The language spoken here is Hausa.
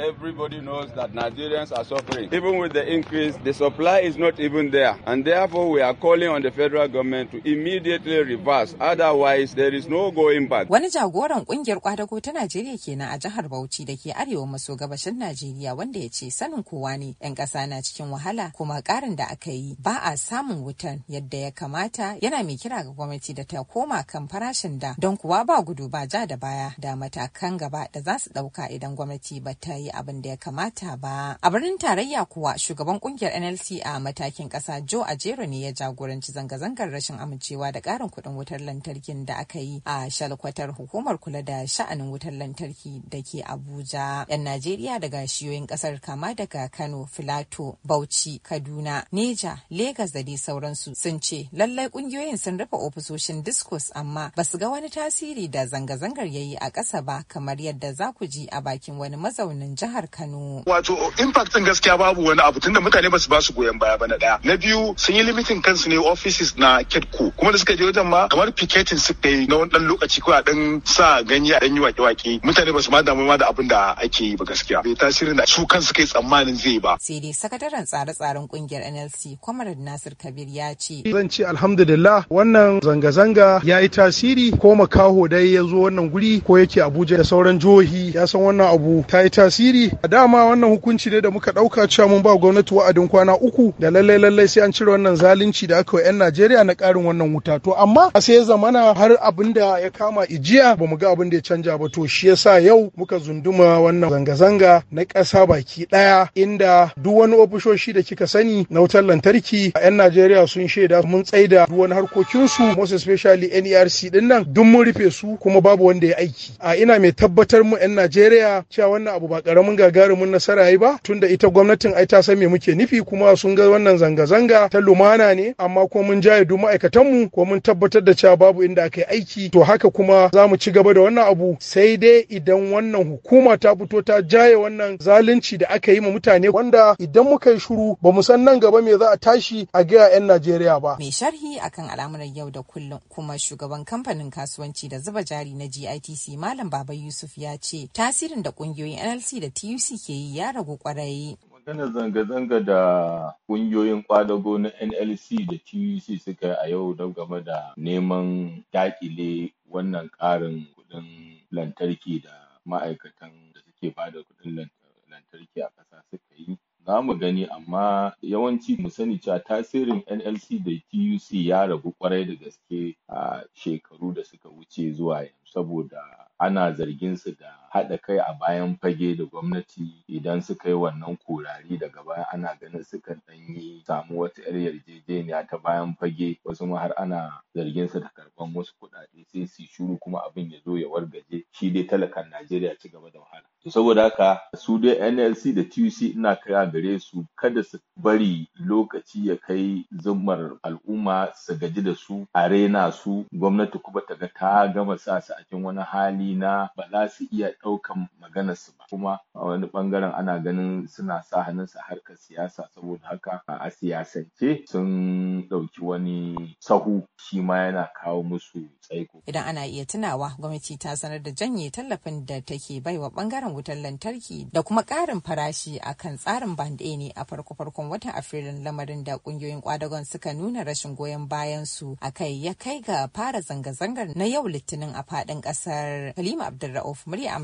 Everybody knows that Nigerians are suffering. Even with the increase, the supply is not even there. And therefore, we are calling on the federal government to immediately reverse. Otherwise, there is no going back. Wani jagoran kungiyar kwadago ta Najeriya kenan a jihar Bauchi da ke arewa maso gabashin Najeriya wanda ya ce sanin kowa ne 'yan ƙasa na cikin wahala kuma ƙarin da aka yi ba a samun wutan yadda ya kamata yana mai kira ga gwamnati da ta koma kan farashin da don kuwa ba gudu ba ja da baya da matakan gaba da za su ɗauka idan gwamnati ba ta yi yi abin da ya kamata ba. A birnin tarayya kuwa shugaban kungiyar NLC a matakin kasa Joe jero ne ya jagoranci zanga-zangar rashin amincewa da karin kuɗin wutar lantarkin da aka yi a shalkwatar hukumar kula da sha'anin wutar lantarki da ke Abuja. 'Yan Najeriya daga shiyoyin kasar kama daga Kano, Filato, Bauchi, Kaduna, Neja, Legas da dai sauransu sun ce lallai kungiyoyin sun rufe ofisoshin discos amma ba su ga wani tasiri da zanga-zangar ya yi a ƙasa ba kamar yadda za ku ji a bakin wani mazaunin jihar Kano. Wato impact din gaskiya babu wani abu tunda mutane ba su ba su goyon baya ba na daya. Na biyu sun yi limitin kansu ne offices na KEDCO kuma da suka je wajen ma kamar piketin suka yi na wani dan lokaci ko a dan sa ganye a dan yi wake-wake mutane ba su ma damu ma da abin da ake yi ba gaskiya. Bai tasirin da su kansu kai tsammanin zai ba. Sai dai sakataren tsare-tsaren kungiyar NLC Comrade Nasir Kabir ya ce. Zan ce alhamdulillah wannan zanga-zanga ya yi tasiri ko makaho dai ya zo wannan guri ko yake Abuja da sauran jihohi ya san wannan abu ta yi tasiri tasiri dama wannan hukunci ne da muka ɗauka cewa mun ba gwamnati wa'adin kwana uku da lallai lallai sai an cire wannan zalunci da aka wa 'yan Najeriya na karin wannan wuta to amma a sai zamana har abin da ya kama ijiya ba mu ga abin da ya canja ba to shi yasa yau muka zunduma wannan zanga-zanga na kasa baki ɗaya inda duk wani ofishoshi da kika sani na wutar lantarki a 'yan Najeriya sun shaida mun tsaida duk wani harkokinsu most especially NERC din nan duk mun rufe su kuma babu wanda ya aiki a ina mai tabbatar mu 'yan Najeriya cewa wannan abu ba karamin gagarumin nasara yi ba tunda ita gwamnatin ai ta san me muke nufi kuma sun ga wannan zanga-zanga ta lumana ne amma kuma mun jaye duk ma'aikatanmu ko mun tabbatar da cewa babu inda aka yi aiki to haka kuma za mu ci gaba da wannan abu sai dai idan wannan hukuma ta fito ta jaye wannan zalunci da aka yi ma mutane wanda idan muka yi shiru ba mu san nan gaba me za a tashi a gaya 'yan Najeriya ba. Mai sharhi akan al'amuran yau da kullum kuma shugaban kamfanin kasuwanci da zuba jari na GITC Malam Baba Yusuf ya ce tasirin da kungiyoyin NLC da TUC ke yi ya ragu kwarai. Magana zanga-zanga da ƙungiyoyin kwadago na NLC da TUC suka yi a yau don game da neman daƙile wannan ƙarin kuɗin lantarki da ma'aikatan da suke ba da kuɗin lantarki a ƙasa suka yi. Za mu gani amma yawanci mu sani cewa tasirin NLC da TUC ya ragu kwarai da gaske a shekaru da suka wuce zuwa yanzu saboda ana zargin su da haɗa kai a bayan fage da gwamnati idan suka yi wannan kurari daga baya ana ganin sukan ɗan yi samu wata ƴar yarjejeniya ta bayan fage wasu ma har ana zargin su da karɓan wasu kuɗaɗe sai su yi shiru kuma abin ya zo ya wargaje shi dai talakan Najeriya ci gaba da wahala. To saboda haka su dai NLC da TUC ina kira gare su kada su bari lokaci ya kai zummar al'umma su gaji da su a rena su gwamnati kuma ta ga ta gama sa su a cikin wani hali na ba za su iya ɗaukan su ba kuma a wani ɓangaren ana ganin suna sa hannun su harkar siyasa saboda haka a siyasance sun ɗauki wani sahu shi ma yana kawo musu tsaiko. Idan ana iya tunawa gwamnati ta sanar da janye tallafin da take baiwa ɓangaren wutar lantarki da kuma ƙarin farashi akan tsarin band ne a farko-farkon watan Afrilun lamarin da ƙungiyoyin kwadagon suka nuna rashin goyon bayan su a kai ya kai ga fara zanga-zangar na yau litinin a faɗin ƙasar. Halima Abdulra'uf murya